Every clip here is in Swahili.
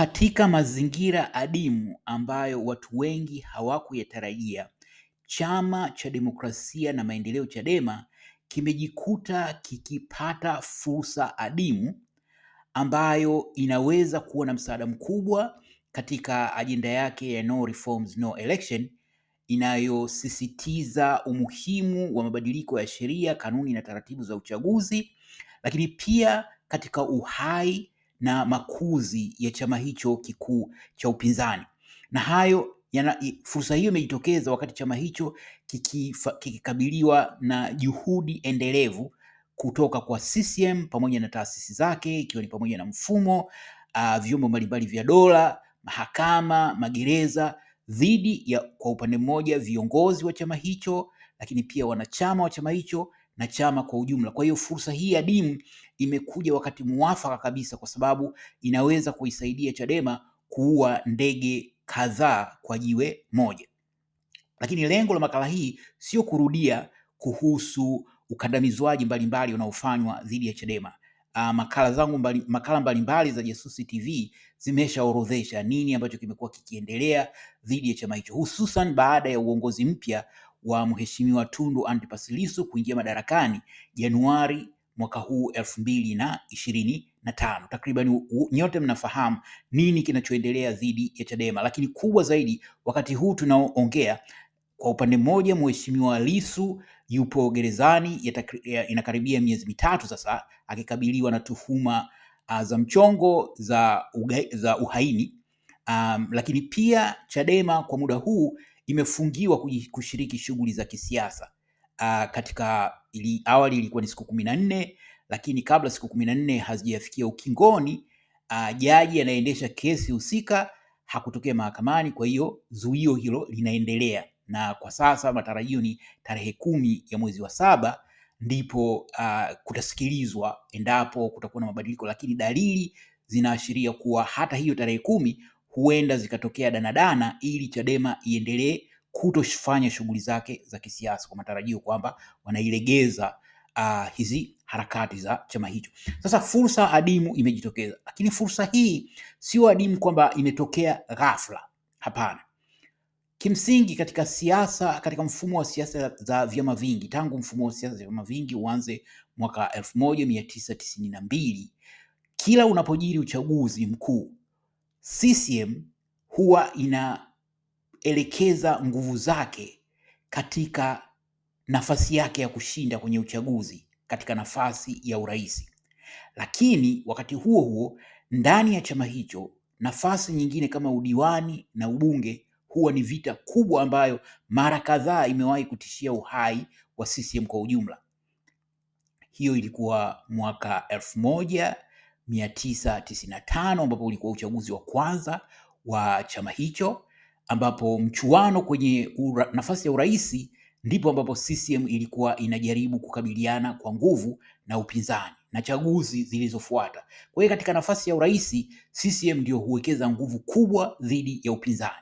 Katika mazingira adimu ambayo watu wengi hawakuyatarajia, Chama cha Demokrasia na Maendeleo Chadema kimejikuta kikipata fursa adimu ambayo inaweza kuwa na msaada mkubwa katika ajenda yake ya no reforms no election inayosisitiza umuhimu wa mabadiliko ya sheria, kanuni na taratibu za uchaguzi, lakini pia katika uhai na makuzi ya chama hicho kikuu cha upinzani na hayo yana, fursa hiyo imejitokeza wakati chama hicho kikikabiliwa na juhudi endelevu kutoka kwa CCM pamoja na taasisi zake ikiwa ni pamoja na mfumo uh, vyombo mbalimbali vya dola, mahakama, magereza dhidi ya kwa upande mmoja viongozi wa chama hicho, lakini pia wanachama wa chama hicho na chama kwa ujumla. Kwa hiyo fursa hii adimu imekuja wakati muwafaka kabisa, kwa sababu inaweza kuisaidia Chadema kuua ndege kadhaa kwa jiwe moja. Lakini lengo la makala hii sio kurudia kuhusu ukandamizwaji mbalimbali unaofanywa dhidi ya Chadema. Uh, makala zangu mbali, makala mbalimbali za Jasusi TV zimeshaorodhesha nini ambacho kimekuwa kikiendelea dhidi ya chama hicho, hususan baada ya uongozi mpya wa Mheshimiwa Tundu Antipas Lissu kuingia madarakani Januari mwaka huu elfu mbili na ishirini na tano. Takriban nyote mnafahamu nini kinachoendelea dhidi ya Chadema, lakini kubwa zaidi wakati huu tunaoongea, kwa upande mmoja Mheshimiwa Lissu yupo gerezani ya inakaribia miezi mitatu sasa, akikabiliwa na tuhuma uh, za mchongo za, uga, za uhaini um, lakini pia Chadema kwa muda huu imefungiwa kushiriki shughuli za kisiasa uh, katika ili, awali ilikuwa ni siku kumi na nne lakini kabla siku kumi na nne hazijafikia ukingoni uh, jaji anaendesha kesi husika hakutokea mahakamani. Kwa hiyo zuio hilo linaendelea, na kwa sasa matarajio ni tarehe kumi ya mwezi wa saba ndipo uh, kutasikilizwa endapo kutakuwa na mabadiliko, lakini dalili zinaashiria kuwa hata hiyo tarehe kumi huenda zikatokea danadana ili Chadema iendelee kutofanya shughuli zake za kisiasa kwa matarajio kwamba wanailegeza uh, hizi harakati za chama hicho. Sasa fursa adimu imejitokeza, lakini fursa hii sio adimu kwamba imetokea ghafla. Hapana. Kimsingi katika siasa, katika mfumo wa siasa za vyama vingi, tangu mfumo wa siasa za vyama vingi uanze mwaka elfu moja mia tisa tisini na mbili, kila unapojiri uchaguzi mkuu CCM huwa inaelekeza nguvu zake katika nafasi yake ya kushinda kwenye uchaguzi katika nafasi ya urais, lakini wakati huo huo ndani ya chama hicho nafasi nyingine kama udiwani na ubunge huwa ni vita kubwa ambayo mara kadhaa imewahi kutishia uhai wa CCM kwa ujumla. Hiyo ilikuwa mwaka elfu moja 1995 ambapo ulikuwa uchaguzi wa kwanza wa chama hicho, ambapo mchuano kwenye ura, nafasi ya uraisi ndipo ambapo CCM ilikuwa inajaribu kukabiliana kwa nguvu na upinzani na chaguzi zilizofuata. Kwa hiyo katika nafasi ya urais CCM ndio huwekeza nguvu kubwa dhidi ya upinzani,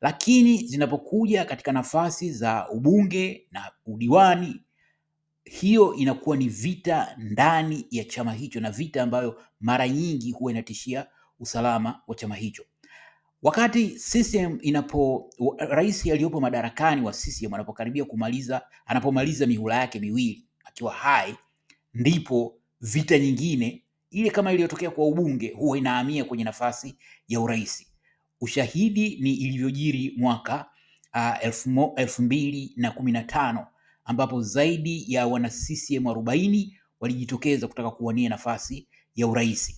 lakini zinapokuja katika nafasi za ubunge na udiwani hiyo inakuwa ni vita ndani ya chama hicho, na vita ambayo mara nyingi huwa inatishia usalama wa chama hicho. Wakati CCM inapo rais aliyopo madarakani wa CCM anapokaribia kumaliza, anapomaliza mihula yake miwili akiwa hai, ndipo vita nyingine ile kama iliyotokea kwa ubunge huwa inahamia kwenye nafasi ya urais. Ushahidi ni ilivyojiri mwaka uh, elfu mbili na kumi na tano ambapo zaidi ya wana CCM 40 walijitokeza kutaka kuwania nafasi ya urais.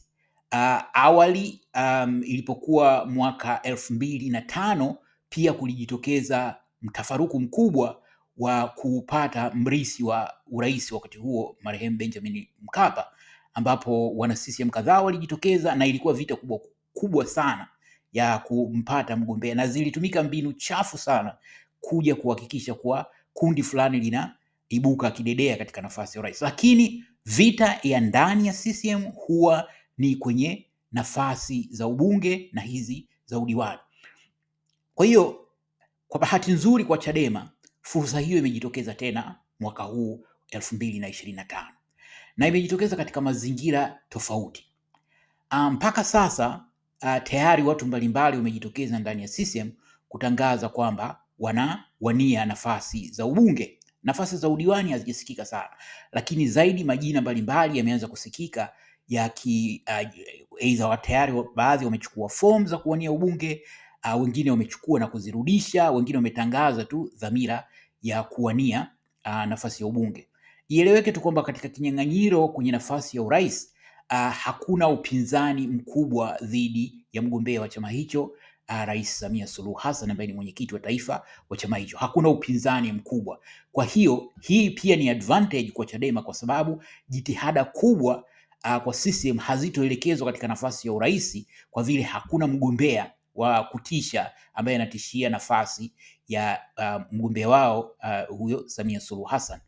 Uh, awali um, ilipokuwa mwaka elfu mbili na tano pia kulijitokeza mtafaruku mkubwa wa kupata mrithi wa urais wakati huo marehemu Benjamin Mkapa, ambapo wana CCM kadhaa walijitokeza na ilikuwa vita kubwa kubwa sana ya kumpata mgombea, na zilitumika mbinu chafu sana kuja kuhakikisha kuwa kundi fulani linaibuka kidedea katika nafasi ya urais, lakini vita ya ndani ya CCM huwa ni kwenye nafasi za ubunge na hizi za udiwani. Kwa hiyo kwa bahati nzuri kwa Chadema fursa hiyo imejitokeza tena mwaka huu elfu mbili na ishirini na tano na imejitokeza katika mazingira tofauti. Ah, mpaka um, sasa uh, tayari watu mbalimbali wamejitokeza ndani ya CCM kutangaza kwamba wanawania nafasi za ubunge. Nafasi za udiwani hazijasikika sana, lakini zaidi majina mbalimbali yameanza kusikika ki aidha uh, tayari baadhi wamechukua fomu za kuwania ubunge uh, wengine wamechukua na kuzirudisha, wengine wametangaza tu dhamira ya kuwania uh, nafasi ya ubunge. Ieleweke tu kwamba katika kinyang'anyiro kwenye nafasi ya urais uh, hakuna upinzani mkubwa dhidi ya mgombea wa chama hicho Ah, Rais Samia Suluhu Hassan ambaye ni mwenyekiti wa taifa wa chama hicho. Hakuna upinzani mkubwa, kwa hiyo hii pia ni advantage kwa Chadema kwa sababu jitihada kubwa uh, kwa CCM hazitoelekezwa katika nafasi ya urais kwa vile hakuna mgombea wa kutisha ambaye anatishia nafasi ya uh, mgombea wao uh, huyo Samia Suluhu Hassan.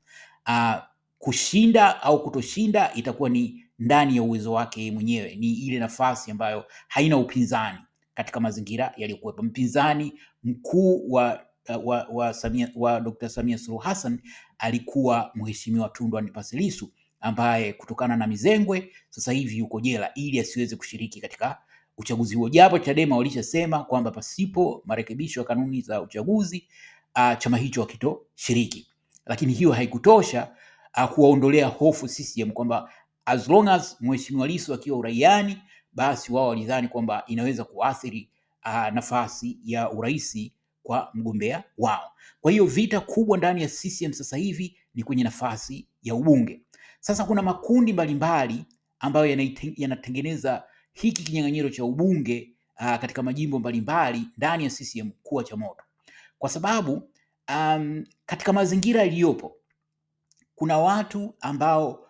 Uh, kushinda au kutoshinda itakuwa ni ndani ya uwezo wake mwenyewe, ni ile nafasi ambayo haina upinzani katika mazingira yaliyokuwepo. Mpinzani mkuu wa, wa, wa, Samia, wa Dr. Samia Suluhu Hassan alikuwa Mheshimiwa Tundu Antipas Lissu ambaye kutokana na mizengwe sasa hivi yuko jela ili asiweze kushiriki katika uchaguzi huo, japo Chadema walishasema kwamba pasipo marekebisho ya kanuni za uchaguzi uh, chama hicho hakitoshiriki, lakini hiyo haikutosha uh, kuwaondolea hofu CCM kwamba as long as Mheshimiwa Lissu akiwa uraiani basi wao walidhani kwamba inaweza kuathiri uh, nafasi ya urais kwa mgombea wao. Kwa hiyo vita kubwa ndani ya CCM sasa hivi ni kwenye nafasi ya ubunge. Sasa kuna makundi mbalimbali ambayo yanatengeneza hiki kinyang'anyiro cha ubunge uh, katika majimbo mbalimbali ndani ya CCM kuwa cha moto, kwa sababu um, katika mazingira yaliyopo kuna watu ambao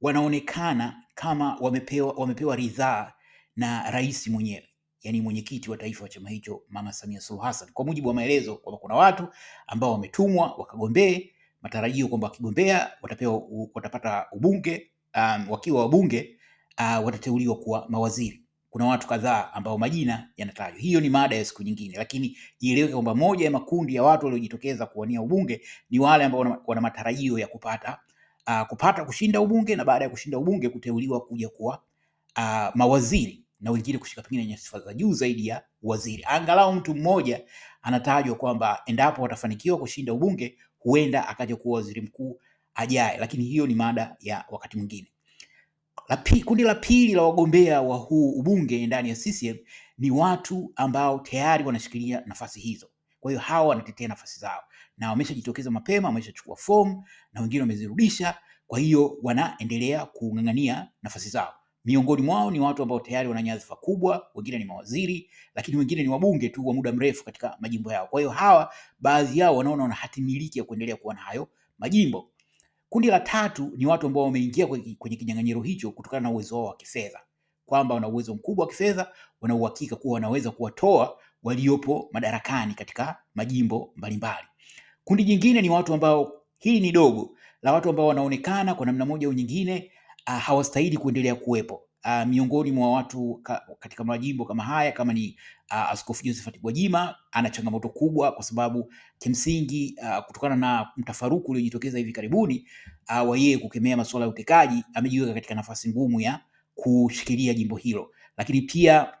wanaonekana kama wamepewa, wamepewa ridhaa na rais mwenyewe, yani mwenyekiti wa taifa wa chama hicho Mama Samia Suluhu Hassan, kwa mujibu wa maelezo kwamba kuna watu ambao wametumwa wakagombee, matarajio kwamba wakigombea watapewa watapata ubunge um, wakiwa wabunge uh, watateuliwa kuwa mawaziri. Kuna watu kadhaa ambao majina yanatajwa. Hiyo ni mada ya siku nyingine, lakini ieleweke kwamba moja ya makundi ya watu waliojitokeza kuwania ubunge ni wale ambao wana matarajio ya kupata uh, kupata kushinda ubunge na baada ya kushinda ubunge kuteuliwa kuja kuwa uh, mawaziri na wengine kushika pengine nyadhifa za juu zaidi ya waziri. Angalau mtu mmoja anatajwa kwamba endapo watafanikiwa kushinda ubunge, huenda akaja kuwa waziri mkuu ajaye, lakini hiyo ni mada ya wakati mwingine. Kundi la pili la wagombea wa huu ubunge ndani ya CCM ni watu ambao tayari wanashikilia nafasi hizo. Kwa hiyo hawa wanatetea nafasi zao na wameshajitokeza mapema, wameshachukua fomu na wengine wamezirudisha. Kwa hiyo wanaendelea kung'ang'ania nafasi zao. Miongoni mwao ni watu ambao tayari wana nyadhifa kubwa, wengine ni mawaziri, lakini wengine ni wabunge tu wa muda mrefu katika majimbo yao. Kwa hiyo hawa baadhi yao wanaona wana hati miliki ya kuendelea kuwa na hayo majimbo. Kundi la tatu ni watu ambao wameingia kwenye kinyang'anyiro hicho kutokana na uwezo wao wa kifedha, kwamba wana uwezo mkubwa wa kifedha, wana uhakika kuwa wanaweza kuwatoa waliopo madarakani katika majimbo mbalimbali. Kundi jingine ni watu ambao, hili ni dogo la watu ambao wanaonekana kwa namna moja au nyingine uh, hawastahili kuendelea kuwepo. Uh, miongoni mwa watu ka, katika majimbo kama haya kama ni uh, Askofu Josephat Gwajima ana changamoto kubwa kwa sababu kimsingi uh, kutokana na mtafaruku uliojitokeza hivi karibuni uh, wa yeye kukemea masuala ya utekaji amejiweka katika nafasi ngumu ya kushikilia jimbo hilo, lakini pia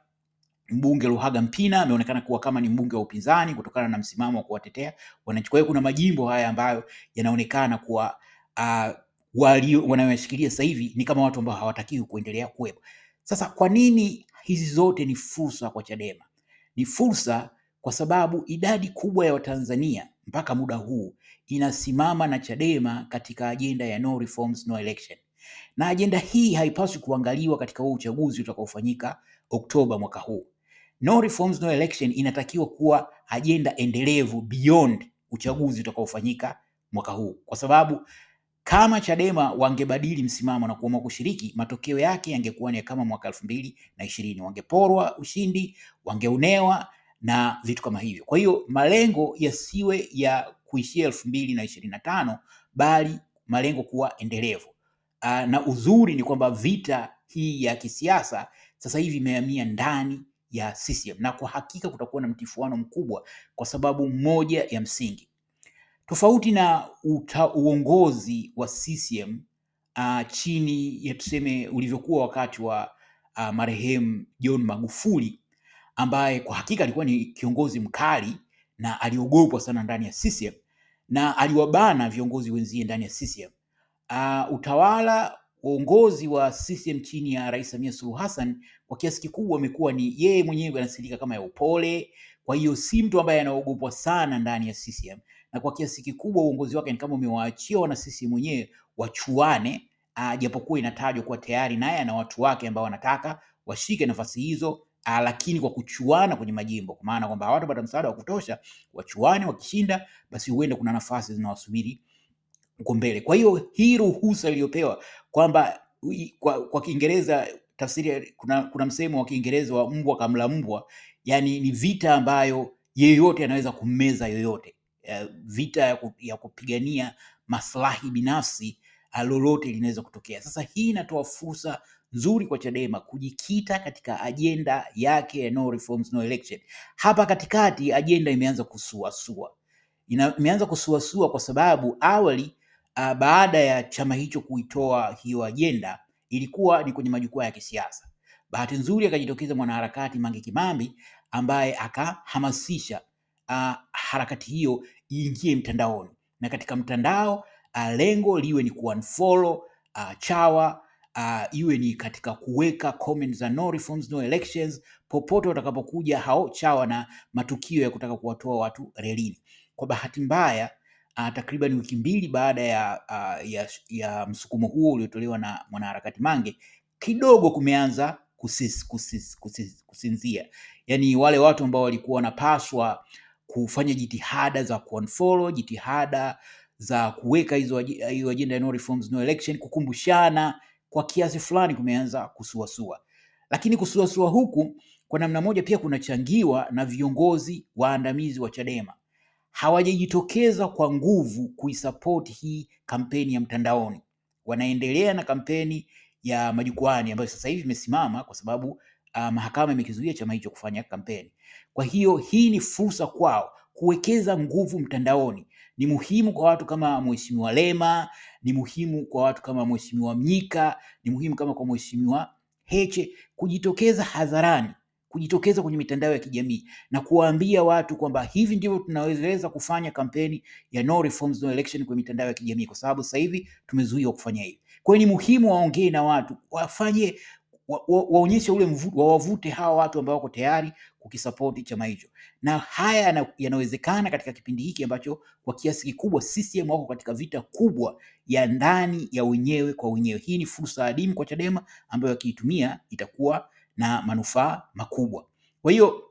mbunge Luhaga Mpina ameonekana kuwa kama ni mbunge wa upinzani kutokana na msimamo wa kuwatetea wananchi. Kwa hiyo kuna majimbo haya ambayo yanaonekana kuwa uh, wanayoshikilia sasa hivi ni kama watu ambao hawatakiwi kuendelea kuwepo. Sasa kwa nini? Hizi zote ni fursa kwa Chadema, ni fursa kwa sababu idadi kubwa ya Watanzania mpaka muda huu inasimama na Chadema katika ajenda ya no reforms, no election, na ajenda hii haipaswi kuangaliwa katika huu uchaguzi utakaofanyika Oktoba mwaka huu. No reforms, no election inatakiwa kuwa ajenda endelevu beyond uchaguzi utakaofanyika mwaka huu, kwa sababu kama Chadema wangebadili msimamo na kuamua kushiriki, matokeo yake yangekuwa ni kama mwaka elfu mbili na ishirini, wangeporwa ushindi, wangeonewa na vitu kama hivyo. Kwa hiyo malengo yasiwe ya kuishia elfu mbili na ishirini na tano bali malengo kuwa endelevu. Aa, ah, na uzuri ni kwamba vita hii ya kisiasa sasa hivi imehamia ndani ya CCM na kwa hakika kutakuwa na mtifuano mkubwa kwa sababu moja ya msingi tofauti na uta, uongozi wa CCM uh, ah, chini ya tuseme ulivyokuwa wakati wa uh, marehemu John Magufuli ambaye kwa hakika alikuwa ni kiongozi mkali na aliogopwa sana ndani ya CCM na aliwabana viongozi wenzie ndani ya CCM. Uh, ah, utawala uongozi wa CCM chini ya Rais Samia Suluhu Hassan kwa kiasi kikubwa amekuwa ni yeye mwenyewe anasilika kama ya upole, kwa hiyo si mtu ambaye anaogopwa sana ndani ya CCM na kwa kiasi kikubwa uongozi wake ni kama umewaachia wana CCM wenyewe wachuane, ah, japokuwa inatajwa kuwa tayari naye ana watu wake ambao wanataka washike nafasi hizo A, ah, lakini kwa kuchuana kwenye majimbo, kwa maana kwamba hawatapata msaada wa kutosha, wachuane. Wakishinda basi, huenda kuna nafasi zinawasubiri huko mbele. Kwa hiyo hii ruhusa iliyopewa kwamba kwa, kwa Kiingereza tafsiri, kuna, kuna msemo wa Kiingereza wa mbwa kamla mbwa, yani ni vita ambayo yeyote anaweza kummeza yoyote. Eh, vita ya, ya kupigania maslahi binafsi ah, lolote linaweza kutokea. Sasa hii inatoa fursa nzuri kwa Chadema kujikita katika ajenda yake ya no reforms no election. Hapa katikati ajenda imeanza kusuasua, imeanza kusuasua kwa sababu awali uh, baada ya chama hicho kuitoa hiyo ajenda ilikuwa ni kwenye majukwaa ya kisiasa. Bahati nzuri akajitokeza mwanaharakati Mange Kimambi ambaye akahamasisha uh, harakati hiyo iingie mtandaoni, na katika mtandao uh, lengo liwe ni kuunfollow uh, chawa uh, iwe ni katika kuweka comment za no reforms no elections, popote watakapokuja hao chawa na matukio ya kutaka kuwatoa watu relini. Kwa bahati mbaya uh, takriban wiki mbili baada ya, uh, ya, ya msukumo huo uliotolewa na mwanaharakati Mange kidogo kumeanza kusis, kusis, kusis, kusinzia, yaani wale watu ambao walikuwa wanapaswa kufanya jitihada za kuunfollow, jitihada za kuweka hizo hiyo ajenda no reforms no election, kukumbushana kwa kiasi fulani kumeanza kusuasua, lakini kusuasua huku kwa namna moja pia kunachangiwa na viongozi waandamizi wa Chadema hawajajitokeza kwa nguvu kuisapoti hii kampeni ya mtandaoni. Wanaendelea na kampeni ya majukwani ambayo sasa hivi imesimama kwa sababu uh, mahakama imekizuia chama hicho kufanya kampeni. Kwa hiyo hii ni fursa kwao kuwekeza nguvu mtandaoni. Ni muhimu kwa watu kama Mheshimiwa Lema, ni muhimu kwa watu kama Mheshimiwa Mnyika, ni muhimu kama kwa Mheshimiwa Heche kujitokeza hadharani, kujitokeza kwenye mitandao ya kijamii na kuwaambia watu kwamba hivi ndivyo tunaweza kufanya kampeni ya no reforms no election kwenye mitandao ya kijamii, kwa sababu sasa hivi tumezuiwa kufanya hivi. Kwa hiyo ni muhimu waongee na watu, wafanye waonyeshe ule mvuto, wawavute hawa watu ambao wako tayari kukisapoti chama hicho, na haya yanawezekana katika kipindi hiki ambacho kwa kiasi kikubwa CCM wako katika vita kubwa ya ndani ya wenyewe kwa wenyewe. Hii ni fursa adimu kwa Chadema ambayo wakiitumia itakuwa na manufaa makubwa. Kwa hiyo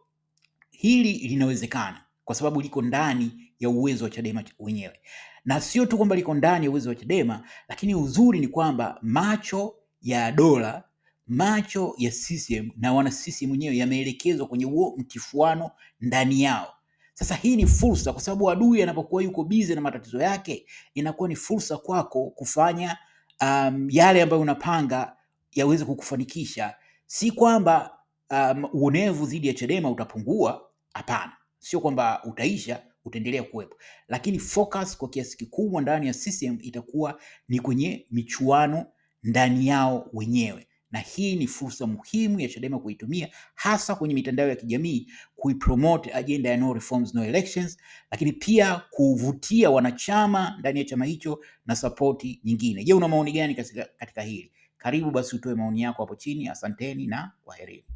hili linawezekana kwa sababu liko ndani ya uwezo wa Chadema wenyewe, na sio tu kwamba liko ndani ya uwezo wa Chadema, lakini uzuri ni kwamba macho ya dola macho ya CCM na wana CCM wenyewe yameelekezwa kwenye huo mtifuano ndani yao. Sasa hii ni fursa, kwa sababu adui anapokuwa yuko bize na matatizo yake, inakuwa ni fursa kwako kufanya um, yale ambayo unapanga yaweze kukufanikisha. Si kwamba um, uonevu dhidi ya Chadema utapungua, hapana, sio kwamba utaisha, utaendelea kuwepo, lakini focus kwa kiasi kikubwa ndani ya CCM itakuwa ni kwenye michuano ndani yao wenyewe na hii ni fursa muhimu ya Chadema kuitumia hasa kwenye mitandao ya kijamii kuipromote ajenda ya no reforms no elections, lakini pia kuvutia wanachama ndani ya chama hicho na sapoti nyingine. Je, una maoni gani katika, katika hili? Karibu basi utoe maoni yako hapo chini. Asanteni na kwaherini.